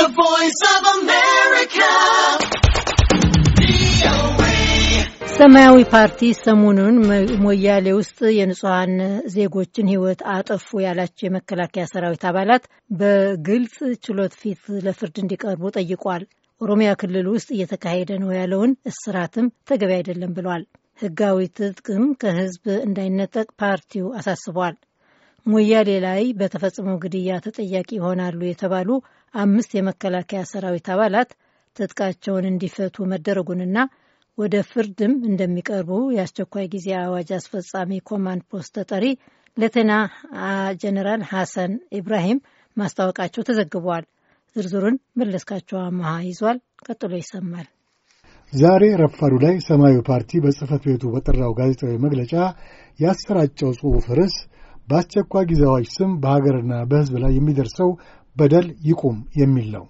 The Voice of America. ሰማያዊ ፓርቲ ሰሞኑን ሞያሌ ውስጥ የንጹሐን ዜጎችን ሕይወት አጠፉ ያላቸው የመከላከያ ሰራዊት አባላት በግልጽ ችሎት ፊት ለፍርድ እንዲቀርቡ ጠይቋል። ኦሮሚያ ክልል ውስጥ እየተካሄደ ነው ያለውን እስራትም ተገቢ አይደለም ብሏል። ሕጋዊ ትጥቅም ከሕዝብ እንዳይነጠቅ ፓርቲው አሳስቧል። ሞያሌ ላይ በተፈጸመው ግድያ ተጠያቂ ይሆናሉ የተባሉ አምስት የመከላከያ ሰራዊት አባላት ትጥቃቸውን እንዲፈቱ መደረጉንና ወደ ፍርድም እንደሚቀርቡ የአስቸኳይ ጊዜ አዋጅ አስፈጻሚ ኮማንድ ፖስት ተጠሪ ሌተና ጀነራል ሐሰን ኢብራሂም ማስታወቃቸው ተዘግበዋል። ዝርዝሩን መለስካቸው አመሃ ይዟል። ቀጥሎ ይሰማል። ዛሬ ረፋዱ ላይ ሰማያዊ ፓርቲ በጽህፈት ቤቱ በጠራው ጋዜጣዊ መግለጫ ያሰራጨው ጽሑፍ ርዕስ በአስቸኳይ ጊዜ አዋጅ ስም በሀገርና በሕዝብ ላይ የሚደርሰው በደል ይቁም የሚል ነው።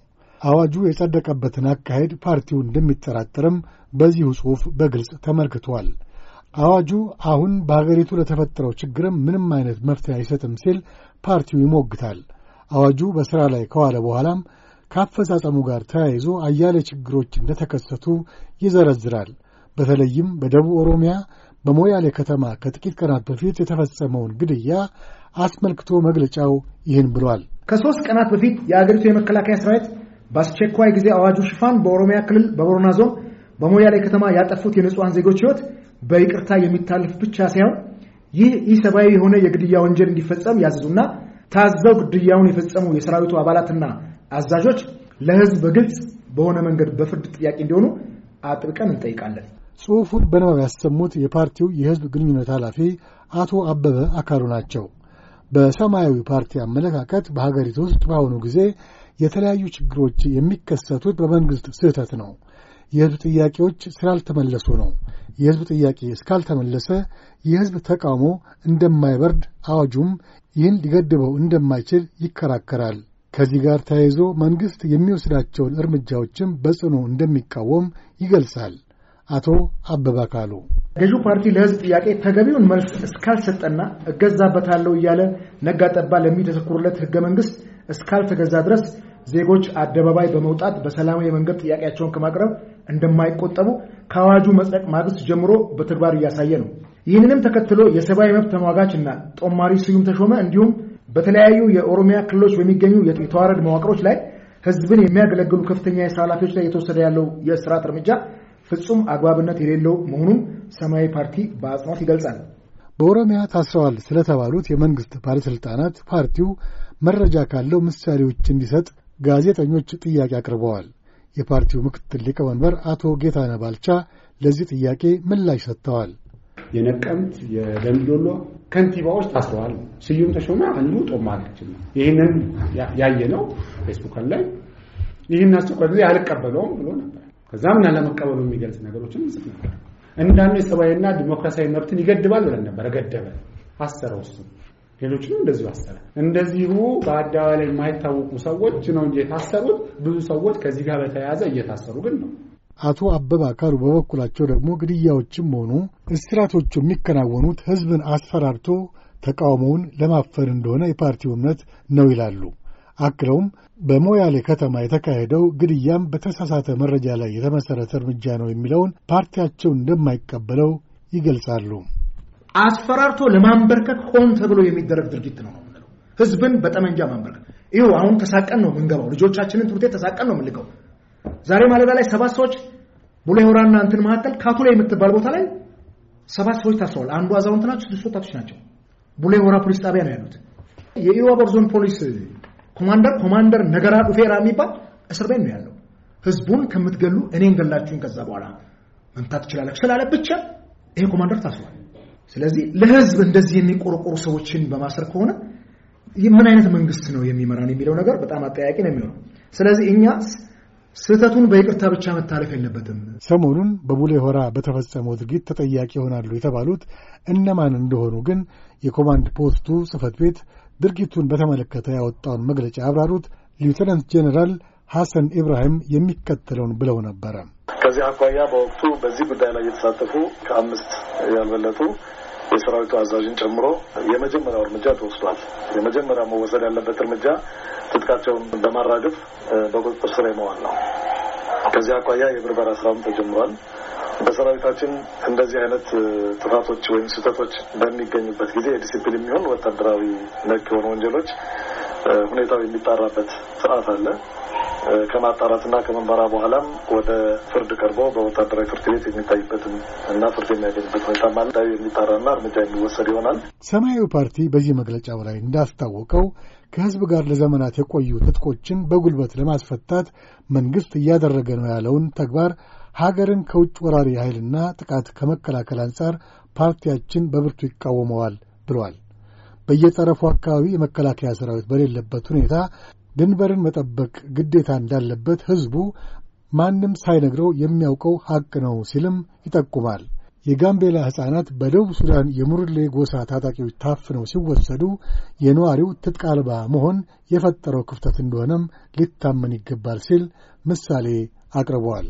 አዋጁ የጸደቀበትን አካሄድ ፓርቲው እንደሚጠራጠርም በዚሁ ጽሑፍ በግልጽ ተመልክቷል። አዋጁ አሁን በሀገሪቱ ለተፈጠረው ችግርም ምንም አይነት መፍትሄ አይሰጥም ሲል ፓርቲው ይሞግታል። አዋጁ በሥራ ላይ ከዋለ በኋላም ከአፈጻጸሙ ጋር ተያይዞ አያሌ ችግሮች እንደተከሰቱ ይዘረዝራል። በተለይም በደቡብ ኦሮሚያ በሞያሌ ከተማ ከጥቂት ቀናት በፊት የተፈጸመውን ግድያ አስመልክቶ መግለጫው ይህን ብሏል። ከሶስት ቀናት በፊት የአገሪቱ የመከላከያ ሰራዊት በአስቸኳይ ጊዜ አዋጁ ሽፋን በኦሮሚያ ክልል በቦረና ዞን በሞያሌ ከተማ ያጠፉት የንጹሐን ዜጎች ህይወት በይቅርታ የሚታለፍ ብቻ ሳይሆን ይህ ኢሰብአዊ የሆነ የግድያ ወንጀል እንዲፈጸም ያዘዙና ታዘው ግድያውን የፈጸሙ የሰራዊቱ አባላትና አዛዦች ለህዝብ በግልጽ በሆነ መንገድ በፍርድ ጥያቄ እንዲሆኑ አጥብቀን እንጠይቃለን። ጽሑፉን በንባብ ያሰሙት የፓርቲው የሕዝብ ግንኙነት ኃላፊ አቶ አበበ አካሉ ናቸው። በሰማያዊ ፓርቲ አመለካከት በሀገሪቱ ውስጥ በአሁኑ ጊዜ የተለያዩ ችግሮች የሚከሰቱት በመንግሥት ስህተት ነው። የሕዝብ ጥያቄዎች ስላልተመለሱ ነው። የሕዝብ ጥያቄ እስካልተመለሰ የሕዝብ ተቃውሞ እንደማይበርድ አዋጁም ይህን ሊገድበው እንደማይችል ይከራከራል። ከዚህ ጋር ተያይዞ መንግሥት የሚወስዳቸውን እርምጃዎችም በጽኑ እንደሚቃወም ይገልጻል። አቶ አበባ ካሉ ገዢው ፓርቲ ለህዝብ ጥያቄ ተገቢውን መልስ እስካልሰጠና እገዛበታለሁ እያለ ነጋጠባ ለሚተሰኩርለት ህገ መንግስት እስካልተገዛ ድረስ ዜጎች አደባባይ በመውጣት በሰላማዊ መንገድ ጥያቄያቸውን ከማቅረብ እንደማይቆጠቡ ከአዋጁ መጽደቅ ማግስት ጀምሮ በተግባር እያሳየ ነው። ይህንንም ተከትሎ የሰብአዊ መብት ተሟጋች እና ጦማሪ ስዩም ተሾመ እንዲሁም በተለያዩ የኦሮሚያ ክልሎች በሚገኙ የተዋረድ መዋቅሮች ላይ ህዝብን የሚያገለግሉ ከፍተኛ የስራ ኃላፊዎች ላይ የተወሰደ ያለው የእስራት እርምጃ ፍጹም አግባብነት የሌለው መሆኑን ሰማያዊ ፓርቲ በአጽንኦት ይገልጻል። በኦሮሚያ ታስረዋል ስለተባሉት የመንግሥት ባለሥልጣናት ፓርቲው መረጃ ካለው ምሳሌዎች እንዲሰጥ ጋዜጠኞች ጥያቄ አቅርበዋል። የፓርቲው ምክትል ሊቀመንበር አቶ ጌታነ ባልቻ ለዚህ ጥያቄ ምላሽ ሰጥተዋል። የነቀምት የደምቢዶሎ ከንቲባዎች ታስረዋል። ስዩም ተሾመ አንዱ ጦማለችን ነው። ይህንን ያየ ነው ፌስቡክ ላይ ይህን አስቸኳይ ጊዜ አልቀበለውም ብሎ ነበር። ከዛ ምን አለመቀበሉ የሚገልጽ ነገሮችን እንጽፍ ነበር። እንዳንዱ የሰብአዊና ዲሞክራሲያዊ መብትን ይገድባል ብለን ነበር። ገደበ፣ አሰረው እሱ ሌሎችንም እንደዚሁ አሰረ። እንደዚሁ በአደባባይ ላይ የማይታወቁ ሰዎች ነው እንጂ የታሰሩት ብዙ ሰዎች ከዚህ ጋር በተያያዘ እየታሰሩ ግን ነው። አቶ አበባ ካሉ በበኩላቸው ደግሞ ግድያዎችም ሆኑ እስራቶቹ የሚከናወኑት ህዝብን አስፈራርቶ ተቃውሞውን ለማፈን እንደሆነ የፓርቲው እምነት ነው ይላሉ። አክለውም በሞያሌ ከተማ የተካሄደው ግድያም በተሳሳተ መረጃ ላይ የተመሠረተ እርምጃ ነው የሚለውን ፓርቲያቸው እንደማይቀበለው ይገልጻሉ። አስፈራርቶ ለማንበርከክ ሆን ተብሎ የሚደረግ ድርጊት ነው ነው የምንለው። ህዝብን በጠመንጃ ማንበርከክ ይኸው አሁን ተሳቀን ነው የምንገባው። ልጆቻችንን ትምህርት ቤት ተሳቀን ነው የምንልከው። ዛሬ ማለዳ ላይ ሰባት ሰዎች ቡሌ ሆራና እንትን መካከል ካቱ ላይ የምትባል ቦታ ላይ ሰባት ሰዎች ታስረዋል። አንዱ አዛውንት ናቸው፣ ስድስት ወጣቶች ናቸው። ቡሌ ሆራ ፖሊስ ጣቢያ ነው ያሉት። የኢዋቦር ዞን ፖሊስ ኮማንደር ኮማንደር ነገራ ዱፌራ የሚባል እስር ቤት ነው ያለው። ህዝቡን ከምትገሉ እኔን ገላችሁን ከዛ በኋላ መምታት ትችላለች ስላለ ብቻ ይሄ ኮማንደር ታስሯል። ስለዚህ ለህዝብ እንደዚህ የሚቆረቆሩ ሰዎችን በማሰር ከሆነ ምን አይነት መንግስት ነው የሚመራን የሚለው ነገር በጣም አጠያቂ ነው የሚሆነው። ስለዚህ እኛ ስህተቱን በይቅርታ ብቻ መታለፍ የለበትም። ሰሞኑን በቡሌ ሆራ በተፈጸመው ድርጊት ተጠያቂ ይሆናሉ የተባሉት እነማን እንደሆኑ ግን የኮማንድ ፖስቱ ጽህፈት ቤት ድርጊቱን በተመለከተ ያወጣውን መግለጫ ያብራሩት ሊውተናንት ጄኔራል ሐሰን ኢብራሂም የሚከተለውን ብለው ነበረ። ከዚህ አኳያ በወቅቱ በዚህ ጉዳይ ላይ የተሳተፉ ከአምስት ያልበለጡ የሰራዊቱ አዛዥን ጨምሮ የመጀመሪያው እርምጃ ተወስዷል። የመጀመሪያ መወሰድ ያለበት እርምጃ ትጥቃቸውን በማራገፍ በቁጥጥር ስር የመዋል ነው። ከዚህ አኳያ የብርበራ ስራም ተጀምሯል። በሰራዊታችን እንደዚህ አይነት ጥፋቶች ወይም ስህተቶች በሚገኙበት ጊዜ የዲሲፕሊን የሚሆን ወታደራዊ ነክ የሆኑ ወንጀሎች ሁኔታው የሚጣራበት ስርዓት አለ። ከማጣራትና ከመንበራ በኋላም ወደ ፍርድ ቀርቦ በወታደራዊ ፍርድ ቤት የሚታይበትም እና ፍርድ የሚያገኝበት ሁኔታ ማለ የሚጣራና እርምጃ የሚወሰድ ይሆናል። ሰማያዊ ፓርቲ በዚህ መግለጫው ላይ እንዳስታወቀው ከህዝብ ጋር ለዘመናት የቆዩ ትጥቆችን በጉልበት ለማስፈታት መንግስት እያደረገ ነው ያለውን ተግባር ሀገርን ከውጭ ወራሪ ኃይልና ጥቃት ከመከላከል አንጻር ፓርቲያችን በብርቱ ይቃወመዋል ብሏል። በየጠረፉ አካባቢ የመከላከያ ሰራዊት በሌለበት ሁኔታ ድንበርን መጠበቅ ግዴታ እንዳለበት ሕዝቡ ማንም ሳይነግረው የሚያውቀው ሐቅ ነው ሲልም ይጠቁማል። የጋምቤላ ሕፃናት በደቡብ ሱዳን የሙርሌ ጎሳ ታጣቂዎች ታፍነው ሲወሰዱ የነዋሪው ትጥቅ አልባ መሆን የፈጠረው ክፍተት እንደሆነም ሊታመን ይገባል ሲል ምሳሌ አቅርበዋል።